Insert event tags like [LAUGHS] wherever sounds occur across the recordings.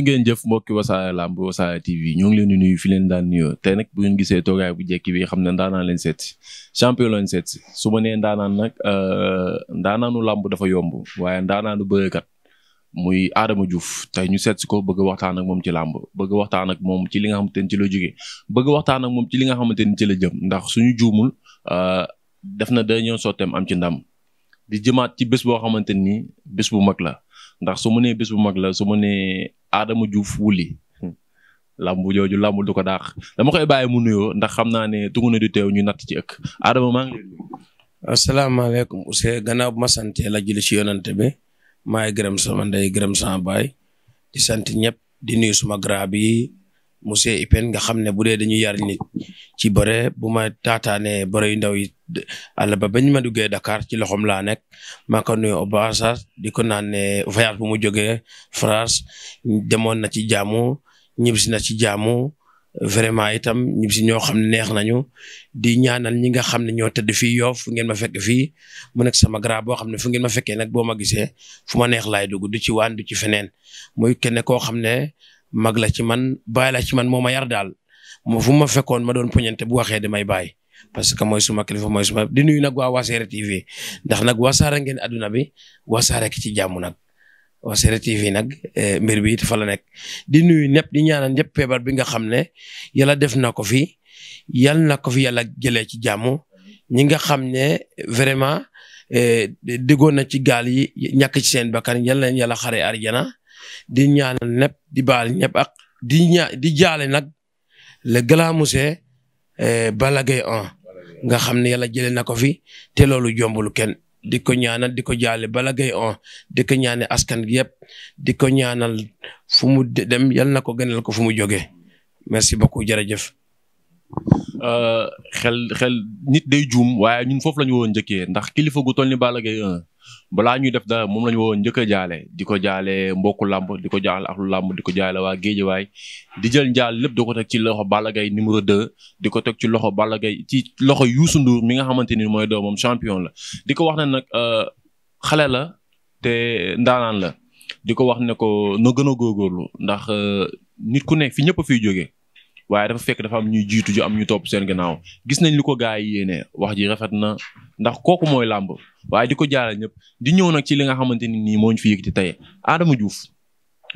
ngeen jëf mbokki wasaare làmb wasaare TV ñoo ngi leen di nuyu fi leen daan nuyoo te nag bu ngeen gisee toogaay bu jekki bi xam ne ndaanaan leen seet si champion lañ seet si su ma nee ndaanaan nag euh, ndaanaanu làmb dafa yomb waaye ndaanaanu bërëkat muy Adama Diouf te ñu seet si ko bëgg waxtaan ak moom ci làmb bëgg waxtaan ak moom ci li nga xamante ni ci la jógee bëgg waxtaan ak moom ci li nga xamante ni ci jëm ndax suñu juumul euh, def na dernier sotteem am ci ndam di jëmaat ci bés boo xamante ni bés bu mag la ndax su ma nee bés bu mag la su ma nee Adama Diouf wuli hmm. làmbu jooju làmbu du ko daax dama koy bàyyi mu nuyoo ndax xam naa ne tungu na du teew ñu natt ci ëkk Adama maa ngi leen asalaamaaleykum Ousseyn gannaaw bu ma santee la julli ci yonante bi maay gërëm sama ndey gërëm sama baay di sant ñëpp di nuyu suma grand bi monsieur Ipen nga xam ne bu dee dañu yar nit ci bëre bu ma taataanee bëre yu ndaw yi àll ba bañ ma duggee Dakar ci loxoom laa nekk ma ko nuyu obasa di ko naan ne voyage bu mu jógee France demoon na ci jaamu ñibbisi na ci jaamu vraiment itam ñibbisi ñoo xam ne neex nañu di ñaanal ñi nga xam ne ñoo tëdd fii yoo fu ngeen ma fekk fii mu nekk sama grand boo xam ne fu ngeen ma fekkee nag boo ma gisee fu ma neex laay dugg du ci waan du ci feneen muy kenn koo xam ne mag la ci man baay la ci man moo ma yar daal moo fu ma fekkoon ma doon poñante bu waxee damay bàyyi parce que mooy suma kilifa mooy suma di nuyu nag waa Wassare TV ndax nag wasaare ngeen adduna bi wasaare ki ci jàmm nag Wassare TV nag eh, mbir bi it la nekk di nuyu ñëpp di ñaanal ñëpp feebar bi nga xam ne yàlla def na ko fi yal na ko fi yàlla jëlee ci jàmm ñi nga xam ne vraiment eh, diggoon na ci gaal yi ñàkk ci seen bakkan yal na leen yàlla xare arjana di ñaanal ñëpp di baal ñëpp ak di ña di jaale nag le grand e Balla Gaye 1 nga xam ne yàlla jëlee na ko fi te loolu jombul kenn di ko ñaanal di ko jaale Balla Gaye 1 di ko ñaane askan gi yëpp di ko ñaanal fu mu dem yal na ko gënal ko fu mu jógee merci beaucoup jërëjëf. Euh, xel xel nit day jum waaye ñun foofu la ñu woon njëkkee ndax kilifa gu toll bala Balla balaa ñuy def dara moom la ñu woo njëkk a jaale di ko jaale mbokk làmb diko ko jaale ak làmb di ko jaale waa géejawaay di jël njaal lépp di ko teg ci loxo Balla Gaye numéro 2 di ko teg ci loxo Balla Gaye ci loxo Youssou Ndour mi nga xamante ni mooy doomam champion la di ko wax na nag euh, xale la te ndaanaan la di ko wax ne ko na gën a góorgóorlu ndax euh, nit ku nekk fi ñëpp a fiy jógee waaye dafa fekk dafa am ñuy jiitu ju am ñu topp seen gannaaw gis nañ li ko gaa yi yéene wax ji rafet na ndax kooku mooy làmb waaye di ko jaarale ñëpp di ñëw nag ci li nga xamante ni nii moo ñu fi yëkkati tey Adama Diouf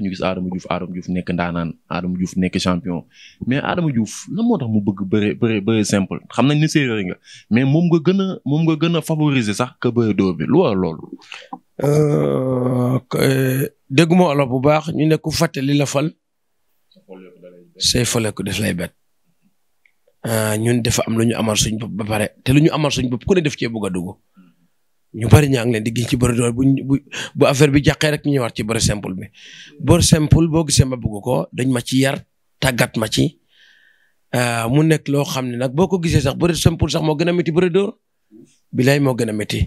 ñu gis Adama Diouf Adama Diouf nekk ndaanaan Adama Diouf nekk champion mais Adama Diouf lan moo tax mu bëgg bëre bëre bëre simple xam nañ ne séeréer nga mais moom nga gën a moom nga gën a favoriser sax que bëre dóor bi lu war loolu. Euh, euh, dégguma olof bu baax ñu ne ku fàtte la fal. say foleku def lay bet ah, ñun dafa am lu ñu amal suñ bopp ba pare te lu ñu amal suñ bopp ku ne def cee bëgg a dugg ñu bari ñaa ngi leen di gis ci bëri doole bu bu bu affaire bi jàqee rek ñu ñëwaat ci bëri simple bi bëri simple boo gisee ma bëgg ko dañ ma ci yar tàggat ma ci ah, mu nekk loo xam ne nag boo ko gisee sax bëri sax moo gën a métti bëri dóor bilaay moo gën a métti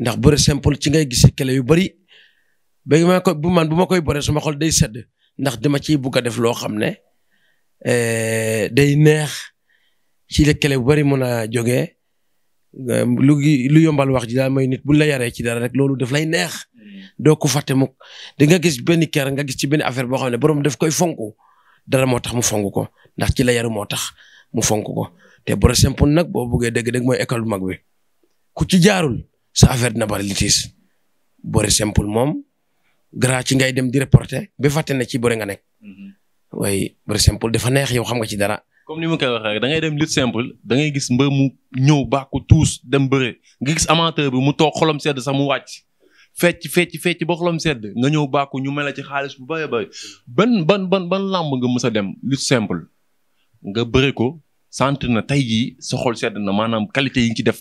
ndax bëri simple ci ngay gisee kele yu bëri ba ma bu man bu ma koy bëree suma xol day sedd ndax dama ci bugg def loo xam ne eh, day neex ci lëkkale bu bari mën a jógee eh, lu lu yombal wax ji daal mooy nit bu la yaree ci dara rek loolu def lay neex doo ko fàtte mukk di nga gis benn ker nga gis ci benn affaire boo xam ne borom daf koy fonk dara moo tax mu fonk ko ndax ci la yaru moo tax mu fonk ko te Boré Sempoun nag boo buggee dégg-dégg mooy école bu mag wi ku ci jaarul sa affaire dina bari litis Boré Sempoun moom grand ci ngay dem di reporter ba fàtte na ci bëre nga nekk. Mhm. waaye bëri dafa neex yow xam nga ci dara. comme ni ma koy waxee rek dem lut simple da ngay gis mba mu ñëw bàkku tuus dem bëre nga gis amateur bi mu toog xolam sedd sax mu wàcc. fecc fecc fecc ba xolam sedd nga ñëw bàkku ñu mel ci xaalis bu bëri bëri ban ban ban ban làmb nga mës a dem lutte simple nga bëre ko sant na tey jii sa xol sedd na maanaam qualité yi nga ci def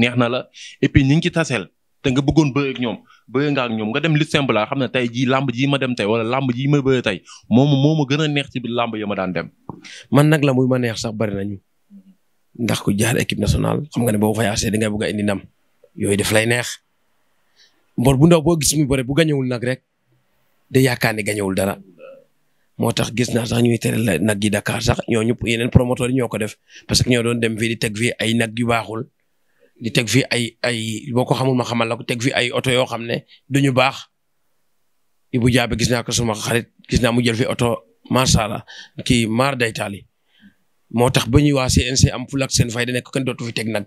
neex na la et puis ni ngi ci taseel te nga bëggoon bëre ñoom bëre nga ñoom nga dem lutte simple laa xam ne tey ji làmb ji ma dem tey wala làmb jii ma bëre tey moom moo ma gën a neex ci biir làmb ya ma daan dem. man nag la muy ma neex sax bari nañu ndax ku jaar équipe nationale xam nga ne boo voyagé da ngay bëgg a indi ndam yooyu daf lay neex mbor bu ndaw boo gis mu bëre bu gañewul nag rek da yaakaar ne gañewul dara moo tax gis naa sax ñuy tere nag yi Dakar sax ñoo ñëpp yeneen promoteur yi ñoo ko def parce que ñoo doon dem fii di teg fii ay nag yu baaxul di teg fi ay ay boo ko xamal la ko teg fi ay oto yoo xam ne duñu baax Ibou Diabe gis naa ko suma xarit gis naa mu jël fi oto macha allah kii maar day taali moo tax ba ñuy waa CNC am fulak seen fay da nekk kenn dootu fi teg nag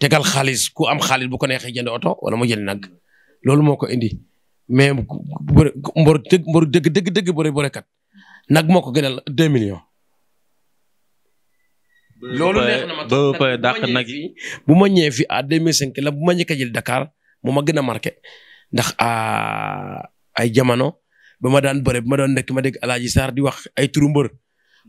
tegal xaalis ku am xaalis bu ko neexee jënd oto wala mu jënd nag loolu moo ko indi mais mbor mbor dëgg mbor dëgg dëgg dëgg bëre nag moo ko gënal 2 millions. loolu neex na ma ba dàq nag yi bu ma ñëwee fii à 2005 la bu ma njëkk a jël Dakar mu ma gën a marqué ndax ay jamono ba ma daan bëre ba ma doon nekk ma dégg Alaaji saar di wax ay turu mbër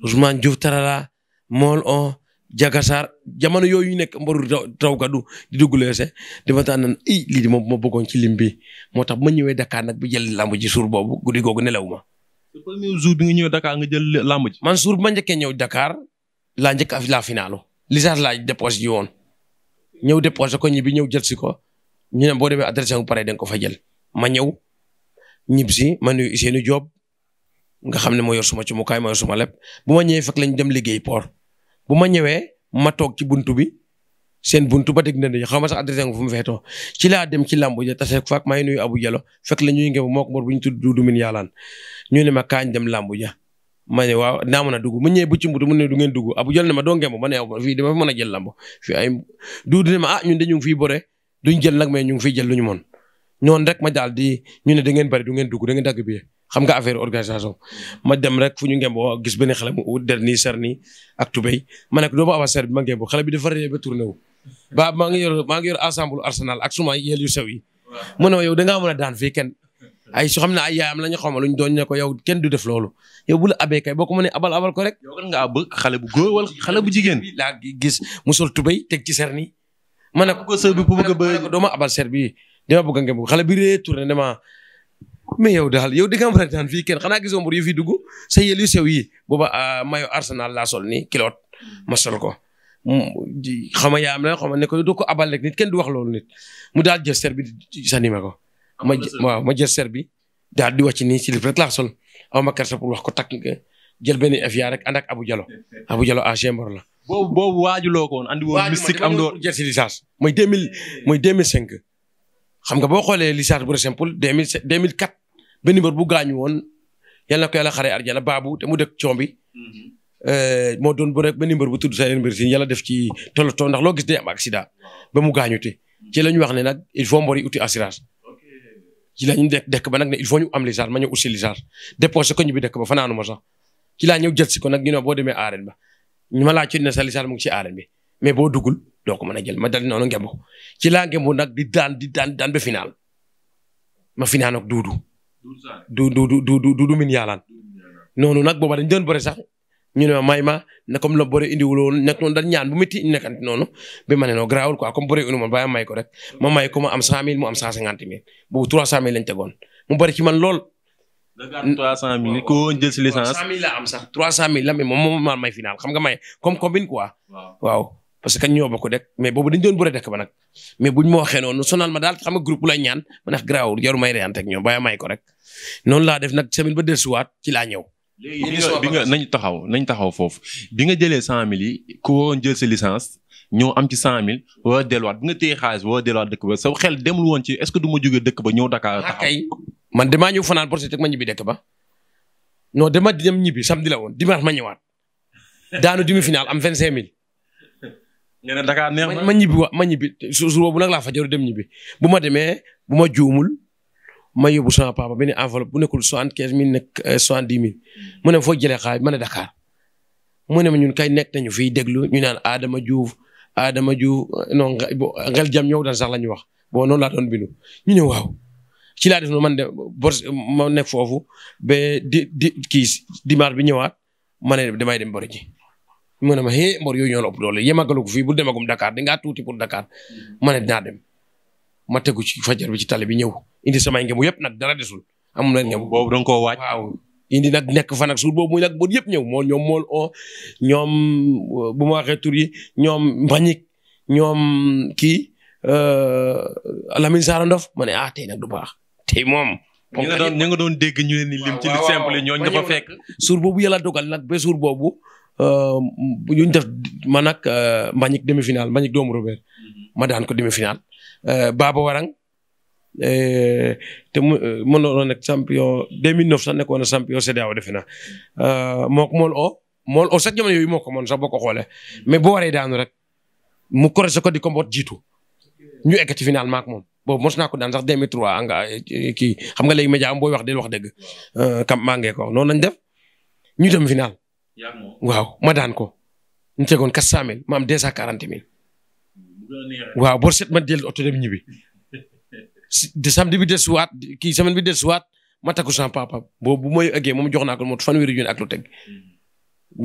Ousmane Diouf Tarala Mool on Jaga Sarr jamono yooyu nekk mbaru taw gadu di dugg e, di dama daan naan i lii moom ma bëggoon ci lim bi moo tax ma ñëwee Dakar nag bi jël lamb ji suur boobu guddi googu nelaw ma. le premier jour ñëw Dakar nga jël lamb ji. man suur bu ma njëkkee ñëw Dakar. laa njëkk a laa finaalu licence laa déposé ji woon ñëw déposé ko ñibbi ñëw jël si ko ñu ne boo demee adressé bu pare da ko fa jël ma ñëw ñibbisi ma nuyu Ousseynou Diop nga xam ne moo yor suma ci mu kaay moo yor suma lépp bu ma ñëwee fekk lañ dem liggéey poor bu ma ñëwee ma toog ci buntu bi seen buntu ba deg na ni xam nga sax adressé nga fu feetoo ci laa dem ci làmbu ja tase faak maa ngi nuyu Abu Jalo fekk la ñuy ngebu mook mbor bu ñu tudd Dudu Min Yaalaan ñu ne ma kaañ dem làmbu ja ma ne waaw naa mën a dugg mu ñëwee bu ci mu ne du ngeen dugg abu jël ne ma doo ngemb ma ne aw a jël lamb fii ay ma ah ne da ngeen bëri da ngeen dagg bi xam nga affaire organisation ma dem rek fu ñu ngemboo gis benn xale ser nii ma ne ko doo ma bi ma ngembo xale bi dafa ree ba tourné wu ba maa ngi yor ensemble Arsenal ak suma yel yu sew yi mu yow da ngaa a daan fii kenn ay so xam ne ay yaayam lañu xaw ma ñu doon ne ko yow kenn du def loolu yow bu la kay boo ko mënee abal abal ko rek. yow kan nga ab xale xale bu jigéen. laa gis mu sol tubéy teg ci ser ni ma ne ko sër bi pour bëgg ma abal ser bi dama bëgg ngeen xale bi ree tourné dama mais yow daal yow di nga am prétendant fii kenn xanaa gisoo mbir yu fi dugg sa yel yu sew yi booba ah, mayo Arsenal laa sol nii kiloot ma sol ko. xama yaayam la xama ne ko doo ko abal rek nit kenn du wax loolu nit mu daal jël ser bi sànni ma ko ma waaw ma jël ser daal di wàcc nii silib rek laa sol ma kersa pour wax ko takk nga jël benn Abu Diallo [LAUGHS] Abu Diallo ah Gémbor boobu boobu waajuloo ko woon andi am doon jël si licence mooy deux mille mooy deux cinq xam nga boo xoolee licence bu simple deux mille sept deux mille quatre bu gaañu woon yal na ko yàlla xaree arjana baabu te mu dëkk coom bi. Mm-hmm. Euh, moo doon bu rek benn mbër bu tudd sa yeneen mbër si yàlla def ci tollatoo ndax loo gis day am accident ba mu gaañute ci la ñu wax ne nag il faut mbori uti assurance. ci laa ñu dekk ba nag ne il faut ñu am lisaar ma ñëw aussi lisaar déposé ko ñu bi dekk ba fanaanu ma sax ci laa jël si ko nag ñu ne boo demee arène ba ñu ma laaj ci ne sa lisaar mu ci arène bi mais boo dugul doo ko mën a jël ma dal noonu ngemb ci laa ngemb nag di daan di daan daan finaal ma final ak duudu. duudu du du du du min yaalaan noonu nag booba dañ doon bëre sax ñu ne ma may ma ne comme la bëre nekk noonu dañ ñaan bu métti nekkante noonu bi ma ne noo garaawul quoi comme bëre indi a may ko rek ma may ko ma sax 300000 la mais moom moo may final xam nga may comme combine quoi. waaw parce que ñoo bokk rek mais boobu dañ doon bëre dëkk ba nag. mais buñ ma waxee noonu sonal ma daal xam nga ñaan ma neex ah, garaawul jarul may reyante ak ñoom bàyyi may ko rek noonu laa def nag semaine ba dellusiwaat ci laa ñëw léegi bi nga nañ taxaw nañ taxaw foofu bi nga jëlee cent mille yi ku woon jël sa licence ñëw am ci cent mille war a delluwaat bi nga téye xaalis war a dëkk ba sa xel demul woon ci est-ce que du ma jógee dëkk ba ñëw Dakar. Ah, man damaa ñëw fanaan borse teg ma ñibbi dëkk ba non dama dem ñibbi samedi la woon dimanche ma ñëwaat daanu demi-finale am vingt cinq mille. nee na Dakar neex na ma ñibbi wa ma ñibbi su su boobu nag laa fa jaru dem ñibbi bu ma demee bu ma juumul. ma yóbbu sama papa benn enveloppe bu nekkul soixante quinze mille nekk euh, soixante di mille mm. mu ne foo jëlee xaalis ma ne Dakar mu ne ma ñun kay nekk nañu fii déglu ñu naan Adama Diouf Adama Diouf euh, non ngel jam ñëw daal sax la ñu wax bon noonu laa doon bindu ñu ne waaw. ci laa def man de bor ma nekk foofu ba di di kii dimanche bi ñëwaat ma ne damay dem bori ji mu ne ma hee mbor yooyu ñoo la ëpp doole fii bu demagum Dakar di ngaa tuuti pour Dakar mm. ma ne dinaa dem. ma tegu ci fajar bi ci tali bi ñëw indi samay ngemu yëpp nag dara desul. amul leen ngemu boobu don koo waaj waaw indi nag nekk fan ak suur boobu muy nag boobu yëpp ñëw moo ñoom mool ñoom euh, bu ma waxee tur ñoom mbañik ñoom kii euh, Lamine Sarandof ma ne ah nag du baax tey moom. ñi nga doon ñi nga doon dégg ñu leen ni lim ci li simple ñooñu nga fa fekk. suur boobu yàlla dogal nag ba suur boobu euh, ñu def man nag mbañik demi final mbañik doomu Robert ma daan ko demi final. Euh, Baba Warang euh, te mu euh, mën na nekk champion 2009 sax nekkoon na champion defe na moo mool oo mool oo sax jamono yooyu moo ko moon sax boo ko xoolee mais boo waree daanu rek mu corrigé ko di ko mboot jiitu ñu egg ci final maak moom. boobu mos naa ko daan sax 2003 nga kii xam nga léegi média am booy wax del wax dëgg kam maa ngee ko noonu lañ def ñu dem final. waaw ma daan ko ñu tegoon 400000 ma am 240000. waaw bor set ma dellu oto dem ñibbi de samedi bi desuwaat kii semaine bi desuwaat ma takku sama papa boobu bu may ëggee moom jox naa ko moom fanweeri junni ak lu teg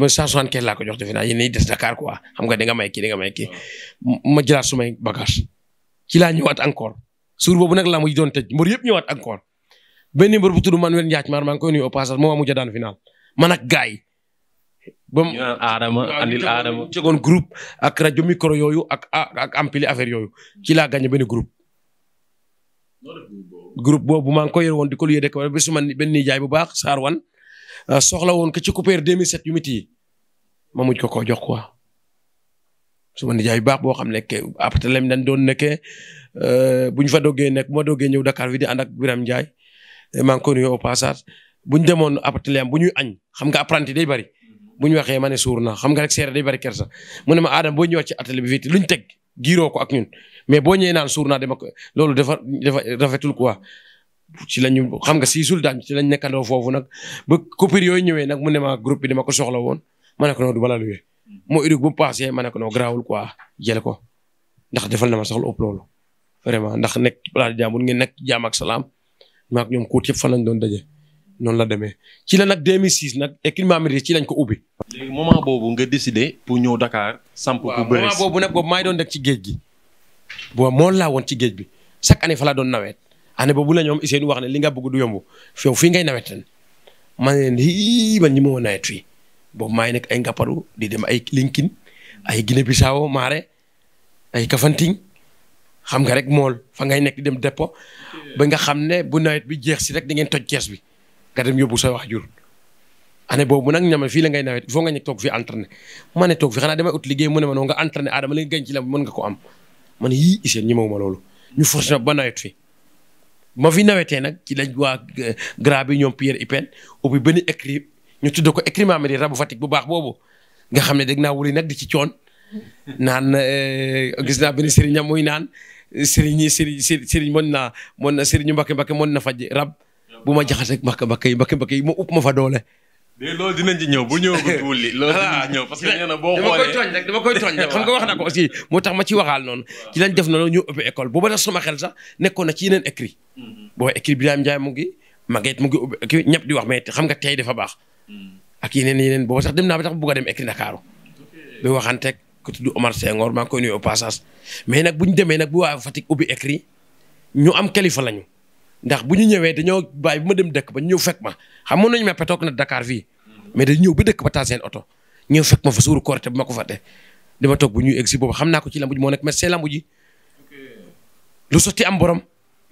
ma 175 laa ko jox defe naa yéen des Dakar quoi xam nga da nga may kii da nga may kii ma jëlaat sumay bagage ci laa ñëwaat encore suur boobu nag laa muy doon tëj mbër yëpp ñëwaat encore benn mbër bu tudd Manuel Ndiaye maar maa ngi koy nuyu au passage moo ma mujj daan final man ak gars ba mu aadama andil aadama jegoon groupe ak rajo micro yooyu ak ak ampli affaire yooyu ci laa gagné benn groupe. groupe boobu maa ngi koy yor woon di ko luyee dëkk ba su ma benn nijaay bu baax Saar wan ah, soxla woon ko ci couper 2007 yu miti yi ma mujj ko koo jox quoi. su ni jaay bu baax boo xam ne après lem dañ doon nekkee euh, bu ñu fa dogee nekk bu ma doggee ñëw Dakar fii di ànd ak Birame Ndiaye eh, maa ngi ko nuyoo au passage demoon après bu ñuy añ xam nga apprenti day bari. bu ñu waxee ma ne suur naa xam nga rek day bari kersa mu ne ma Adama boo ñëwaat ci atelier bi fii luñ teg giiroo ko ak ñun mais boo ñëwee naan suur naa ko loolu dafa dafa rafetul quoi. ci la ñu xam nga siisul daan ci lañ nekkandoo foofu nag ba coupure yooyu ñëwee nag mu ne ma groupe bi dama ko soxla woon ma ne ko non du bala luwee moo urug bu passé ma ko non garaawul ko ndax defal na ma soxla lu ëpp loolu vraiment ndax nekk balaa jàmbur ngeen nekk jaam ak salaam maak ñoom kuut yëpp fan lañ doon daje noonu la demee ci la nag 2006 nag équipement militaire ci lañ ko ubbi. léegi moment boobu nga décidé pour ñëw Dakar. samp pour bëri moment boobu nag boobu maa ngi doon nekk ci géej gi. boo moo laa woon ci géej bi chaque année fa laa doon nawet année boobu la ñoom Ousseynou wax ne li nga bëgg du yomb fii fii ngay nawet ren man leen hii ñi ma nawet fii boobu maa ngi nekk ay Ngaparou di dem ay Linkin ay Guinée Bissau Maare ay Kafountine xam nga rek mool fa ngay nekk di dem dépôt ba nga xam ne bu nawet bi jeex si rek di ngeen toj kees bi. nga dem yóbbu sa waajur année boobu nag ñame fii la ngay nawet il faut nga ñëw toog fii entraîné ma ne toog fii xanaa damay ut liggéey mu ne ma noonu nga entraîné aadama li nga gañ ci nga ko am ma ne yii iseen ñi ma loolu ñu forcé ba nawet fi ma fi nawetee nag ci lañ waa euh, gra bi ñoom Pierre Ipen ubbi benn écrit ñu tudd ko écrit Mamady rabu Fatick bu baax boobu nga xam ne dégg naa wuli nag di ci coon naan euh, gis naa benn sëriñam muy naan sëriñ sëriñ sëriñ mën naa mën na sëriñu Mbacke Mbacke mën na faj rab bu ma jaxasee ak mbakk mbakk yi mbakk mbakk yi ma upp ma fa doole. mais loolu dinañ ci ñëw bu ñëw bu wulli loolu dinañ ñëw parce que nee na boo xoolee dama koy tooñ rek dama koy tooñ rek xam nga wax na ko aussi moo tax ma ci waxaal noonu ci lañ def noonu ñu ubbi école booba tax sama xel sax nekkoon na ci yeneen écrit mm-hmm. boo écrit bi daam Ndiaye mu ngi Maguette mu ngi ubbi ñëpp di wax mais xam nga tey dafa baax mm-hmm. ak yeneen yeneen booba sax dem naa ba tax bugg a dem écrit Ndakaaru bi waxanteeg ku tudd Omar Senghor maa ngi koy nuyu au passage mais nag bu ñu demee nag bu waa Fatick ubbi écrit ñu am kilifa lañu ndax bu ñu ñëwee dañoo bàyyi bu ma dem dëkk ba ñëw fekk ma xam mën ma petoog na Dakar fii mais dañu ñëw ba dëkk ba taal oto ñëw fekk ma fa suuru korité bu ma ko fàtte dama toog bu ñuy egsi boobu xam naa ko ci lambu ji moo nekk médecin lambu ji lu sotti am borom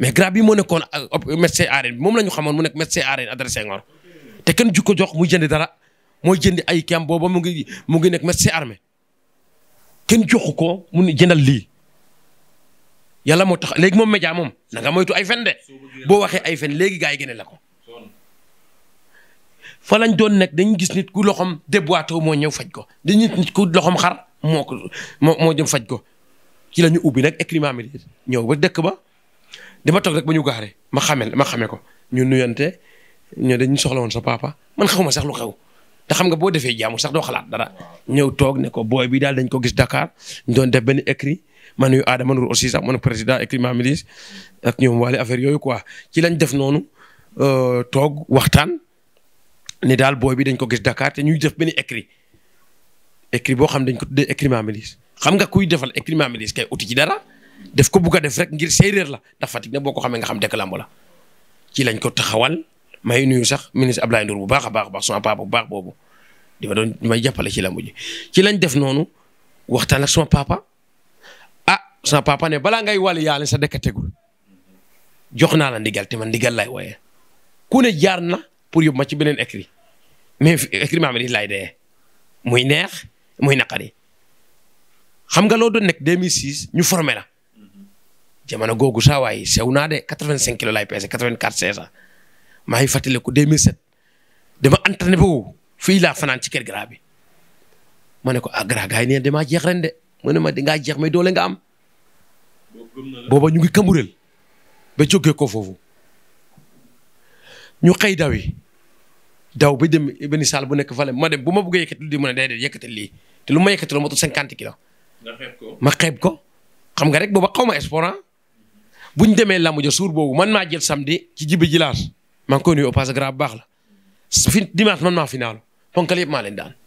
mais grab bi moo nekkoon médecin arène bi moom la ñu xamoon mu nekk médecin arène adressé ngor te kenn ju ko jox mu jëndi dara mooy jëndi ay kiam booba mu ngi mu ngi nekk médecin armée kenn joxu ko mu jëndal lii yàlla moo tax léegi moom média moom nanga nga moytu ay fen de boo waxee ay fen léegi gaa yi génne la ko fa lañ doon nekk dañ gis nit ku loxom déboîté moo ñëw faj ko dañu gis nit xar moo ko moo moo jëm faj ko ci la ñu ubbi nag écriment mi ñëw ba dëkk ba dama toog rek ba ñu gaare ma xamel ma xame ko ñu nuyante ñoo dañu soxla woon sa papa man xawma sax lu xew te xam nga boo defee jaamu sax doo xalaat dara ñëw toog ne ko booy bi daal dañ ko gis dakaar ñu doon def benn écrit ma nuyu Adama Ndour aussi sax man président et climat ministre ak ñoom waale affaire yooyu quoi ci lañ def noonu euh, toog waxtaan ne daal booy bi dañ ko gis Dakar te ñuy def benn écrit écrit boo xam dañ ko tuddee climat ministre xam nga kuy defal climat ministre kay uti ci dara def ko bugg def rek ngir séeréer la ndax Fatick na boo ko xamee nga xam dëkk lamb la ci lañ ko taxawal may nuyu sax ministre Abdoulaye Ndour bu baax a baax baax sama papa bu baax boobu di doon may jàppale ci lamb ji ci lañ def noonu waxtaan ak sama sa papa ne balaa ngay wàlli yaale sa dëkk tegul jox naa la ndigal te man ndigal lay wooyee ku ne jaar na pour yóbbu ma ci beneen écrit mais écrit maam it lay dee muy neex muy naqari xam nga loo doon nekk 2006 ñu formé la jamono googu saa waay sew naa de 85 kilos lay peese 84 16 ans maa ngi fàttaliku 2007 dama entraîné boobu fii laa fanaan ci kër garaa bi ma ne ko ah garaa gars yi nee damaa jeex ren de mu ne ma dangaa jeex mais doole nga am. booba ñu ngi Cambérène ba jógee ko foofu ñu xëy daw yi daw ba dem benn saal bu nekk fale ma dem bu ma bëggee yëkkati lu di mën a day yëkkati lii te lu ma yëkkati la ma cinquante kilos. nga xeeb ko ma xeeb ko xam nga rek booba xaw ma espoir ah. bu ñu demee làmb ja suur boobu man maa jël samedi ci jibi jilaas maa ngi koy nuyu au bu baax la fi dimanche man maa finaalu ponkal yëpp maa leen daan.